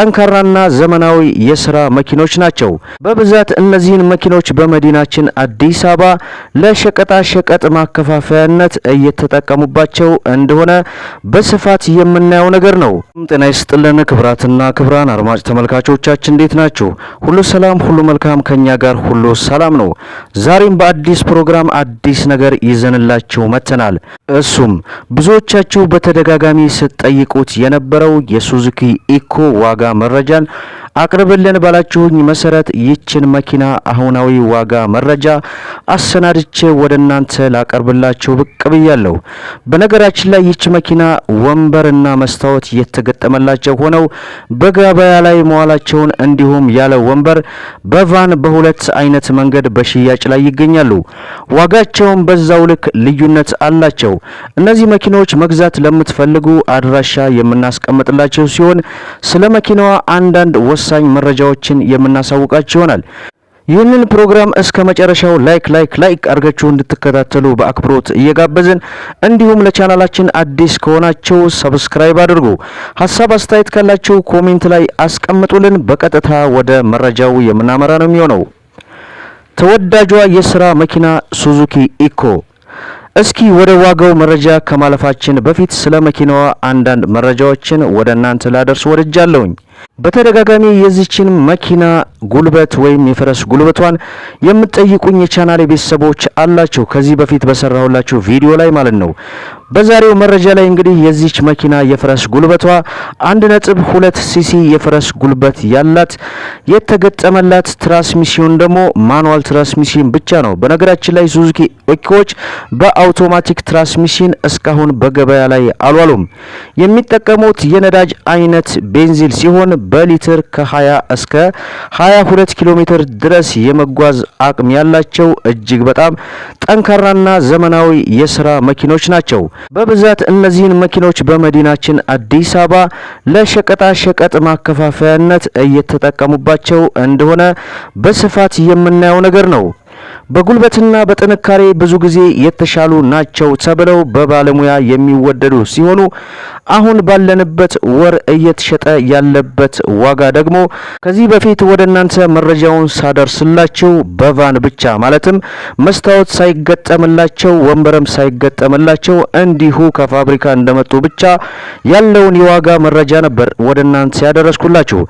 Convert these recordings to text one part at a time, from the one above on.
ጠንካራና ዘመናዊ የስራ መኪኖች ናቸው። በብዛት እነዚህን መኪኖች በመዲናችን አዲስ አበባ ለሸቀጣ ሸቀጥ ማከፋፈያነት እየተጠቀሙባቸው እንደሆነ በስፋት የምናየው ነገር ነው። ጤና ይስጥልን ክብራትና ክብራን አድማጭ ተመልካቾቻችን እንዴት ናችሁ? ሁሉ ሰላም፣ ሁሉ መልካም፣ ከኛ ጋር ሁሉ ሰላም ነው። ዛሬም በአዲስ ፕሮግራም አዲስ ነገር ይዘንላችሁ መጥተናል። እሱም ብዙዎቻችሁ በተደጋጋሚ ስትጠይቁት የነበረው የሱዙኪ ኢኮ ዋጋ መረጃን አቅርብልን ባላችሁኝ መሰረት ይችን መኪና አሁናዊ ዋጋ መረጃ አሰናድቼ ወደ እናንተ ላቀርብላችሁ ብቅ ብያለሁ። በነገራችን ላይ ይች መኪና ወንበርና መስታወት የተገጠመላቸው ሆነው በገበያ ላይ መዋላቸውን እንዲሁም ያለ ወንበር በቫን በሁለት አይነት መንገድ በሽያጭ ላይ ይገኛሉ። ዋጋቸውም በዛው ልክ ልዩነት አላቸው። እነዚህ መኪናዎች መግዛት ለምትፈልጉ አድራሻ የምናስቀምጥላቸው ሲሆን ስለ መኪና ከፊናዋ አንዳንድ ወሳኝ መረጃዎችን የምናሳውቃችሁ ይሆናል። ይህንን ፕሮግራም እስከ መጨረሻው ላይክ ላይክ ላይክ አድርጋችሁ እንድትከታተሉ በአክብሮት እየጋበዝን እንዲሁም ለቻናላችን አዲስ ከሆናችሁ ሰብስክራይብ አድርጉ። ሀሳብ አስተያየት ካላችሁ ኮሜንት ላይ አስቀምጡልን። በቀጥታ ወደ መረጃው የምናመራ ነው የሚሆነው። ተወዳጇ የስራ መኪና ሱዙኪ ኢኮ። እስኪ ወደ ዋጋው መረጃ ከማለፋችን በፊት ስለ መኪናዋ አንዳንድ መረጃዎችን ወደ እናንተ ላደርስ ወድጃለሁኝ። በተደጋጋሚ የዚችን መኪና ጉልበት ወይም የፈረስ ጉልበቷን የምትጠይቁኝ የቻናል ቤተሰቦች አላችሁ፣ ከዚህ በፊት በሰራሁላችሁ ቪዲዮ ላይ ማለት ነው። በዛሬው መረጃ ላይ እንግዲህ የዚች መኪና የፈረስ ጉልበቷ አንድ ነጥብ ሁለት ሲሲ የፈረስ ጉልበት ያላት የተገጠመላት ትራንስሚሽን ደግሞ ማኑዋል ትራንስሚሽን ብቻ ነው። በነገራችን ላይ ሱዙኪ ኢኮዎች በአውቶማቲክ ትራንስሚሽን እስካሁን በገበያ ላይ አልዋሉም። የሚጠቀሙት የነዳጅ አይነት ቤንዚል ሲሆን ሲሆን በሊትር ከ20 እስከ 22 ኪሎ ሜትር ድረስ የመጓዝ አቅም ያላቸው እጅግ በጣም ጠንካራና ዘመናዊ የስራ መኪኖች ናቸው። በብዛት እነዚህን መኪኖች በመዲናችን አዲስ አበባ ለሸቀጣ ሸቀጥ ማከፋፈያነት እየተጠቀሙባቸው እንደሆነ በስፋት የምናየው ነገር ነው። በጉልበትና በጥንካሬ ብዙ ጊዜ የተሻሉ ናቸው ተብለው በባለሙያ የሚወደዱ ሲሆኑ አሁን ባለንበት ወር እየተሸጠ ያለበት ዋጋ ደግሞ ከዚህ በፊት ወደ እናንተ መረጃውን ሳደርስላቸው በቫን ብቻ ማለትም መስታወት ሳይገጠምላቸው ወንበርም ሳይገጠምላቸው እንዲሁ ከፋብሪካ እንደመጡ ብቻ ያለውን የዋጋ መረጃ ነበር ወደ እናንተ ያደረስኩላችሁ።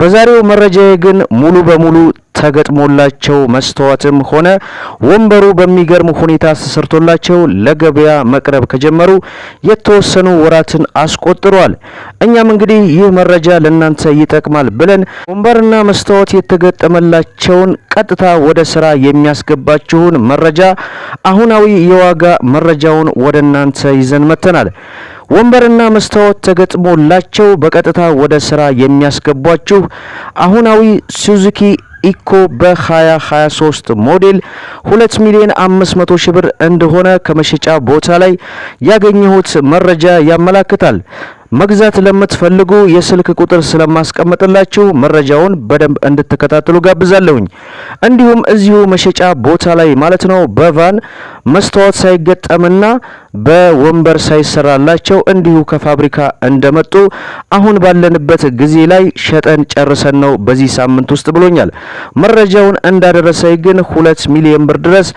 በዛሬው መረጃዬ ግን ሙሉ በሙሉ ተገጥሞላቸው መስተዋትም ሆነ ወንበሩ በሚገርም ሁኔታ ተሰርቶላቸው ለገበያ መቅረብ ከጀመሩ የተወሰኑ ወራትን አስቆጥሯል። እኛም እንግዲህ ይህ መረጃ ለእናንተ ይጠቅማል ብለን ወንበርና መስተዋት የተገጠመላቸውን ቀጥታ ወደ ስራ የሚያስገባችሁን መረጃ አሁናዊ የዋጋ መረጃውን ወደ እናንተ ይዘን መጥተናል። ወንበርና መስታወት ተገጥሞላቸው በቀጥታ ወደ ስራ የሚያስገቧችሁ አሁናዊ ሱዙኪ ኢኮ በ2023 ሞዴል 2 ሚሊዮን 500 ሺህ ብር እንደሆነ ከመሸጫ ቦታ ላይ ያገኘሁት መረጃ ያመላክታል። መግዛት ለምትፈልጉ የስልክ ቁጥር ስለማስቀምጥላችሁ መረጃውን በደንብ እንድትከታተሉ ጋብዛለሁኝ። እንዲሁም እዚሁ መሸጫ ቦታ ላይ ማለት ነው በቫን መስታወት ሳይገጠምና በወንበር ሳይሰራላቸው እንዲሁ ከፋብሪካ እንደመጡ አሁን ባለንበት ጊዜ ላይ ሸጠን ጨርሰን ነው በዚህ ሳምንት ውስጥ ብሎኛል። መረጃውን እንዳደረሰ ግን ሁለት ሚሊዮን ብር ድረስ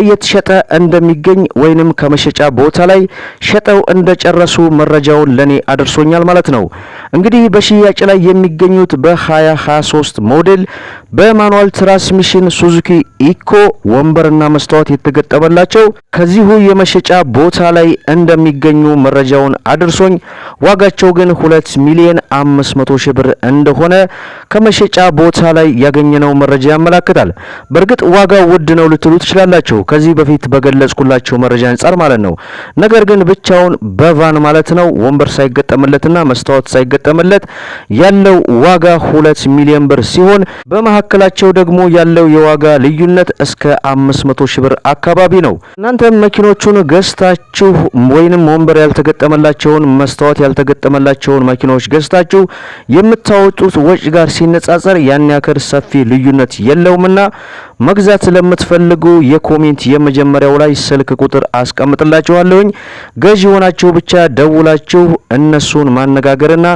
እየተሸጠ እንደሚገኝ ወይንም ከመሸጫ ቦታ ላይ ሸጠው እንደጨረሱ መረጃውን ለኔ አድርሶኛል ማለት ነው። እንግዲህ በሽያጭ ላይ የሚገኙት በ2023 ሞዴል በማኑዋል ትራንስሚሽን ሱዙኪ ኢኮ ወንበርና መስታወት የተገጠመላቸው ከዚሁ የመሸጫ ቦታ ላይ እንደሚገኙ መረጃውን አድርሶኝ ዋጋቸው ግን 2 ሚሊዮን 500 ሺህ ብር እንደሆነ ከመሸጫ ቦታ ላይ ያገኘነው መረጃ ያመላክታል። በእርግጥ ዋጋው ውድ ነው ልትሉ ትችላላችሁ ከዚህ በፊት በገለጽኩላቸው መረጃ አንጻር ማለት ነው። ነገር ግን ብቻውን በቫን ማለት ነው ወንበር ሳይገ ሳይገጠምለትና መስታወት ሳይገጠምለት ያለው ዋጋ ሁለት ሚሊዮን ብር ሲሆን በመካከላቸው ደግሞ ያለው የዋጋ ልዩነት እስከ አምስት መቶ ብር አካባቢ ነው። እናንተም መኪኖቹን ገዝታችሁ ወይንም ወንበር ያልተገጠመላቸውን መስታወት ያልተገጠመላቸውን መኪናዎች ገዝታችሁ የምታወጡት ወጪ ጋር ሲነጻጸር ያን ያክል ሰፊ ልዩነት የለውምና መግዛት ለምትፈልጉ የኮሜንት የመጀመሪያው ላይ ስልክ ቁጥር አስቀምጥላችኋለሁኝ። ገዢ ሆናችሁ ብቻ ደውላችሁ እነ እነሱን ማነጋገርና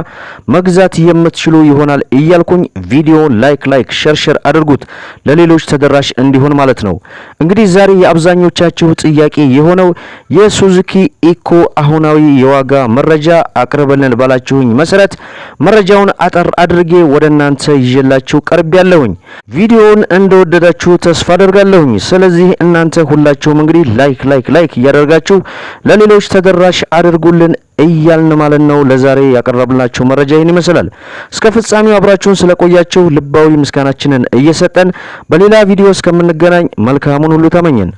መግዛት የምትችሉ ይሆናል እያልኩኝ ቪዲዮ ላይክ ላይክ ሸርሸር አድርጉት ለሌሎች ተደራሽ እንዲሆን ማለት ነው። እንግዲህ ዛሬ የአብዛኞቻችሁ ጥያቄ የሆነው የሱዙኪ ኢኮ አሁናዊ የዋጋ መረጃ አቅርበልን ባላችሁኝ መሰረት መረጃውን አጠር አድርጌ ወደ እናንተ ይዤላችሁ ቀርብ ያለሁኝ ቪዲዮውን እንደወደዳችሁ ተስፋ አደርጋለሁኝ። ስለዚህ እናንተ ሁላችሁም እንግዲህ ላይክ ላይክ ላይክ እያደርጋችሁ ለሌሎች ተደራሽ አድርጉልን እያልን ማለት ነው። ነው። ለዛሬ ያቀረብላችሁ መረጃ ይህን ይመስላል። እስከ ፍጻሜው አብራችሁን ስለቆያችሁ ልባዊ ምስጋናችንን እየሰጠን በሌላ ቪዲዮ እስከምንገናኝ መልካሙን ሁሉ ተመኘን።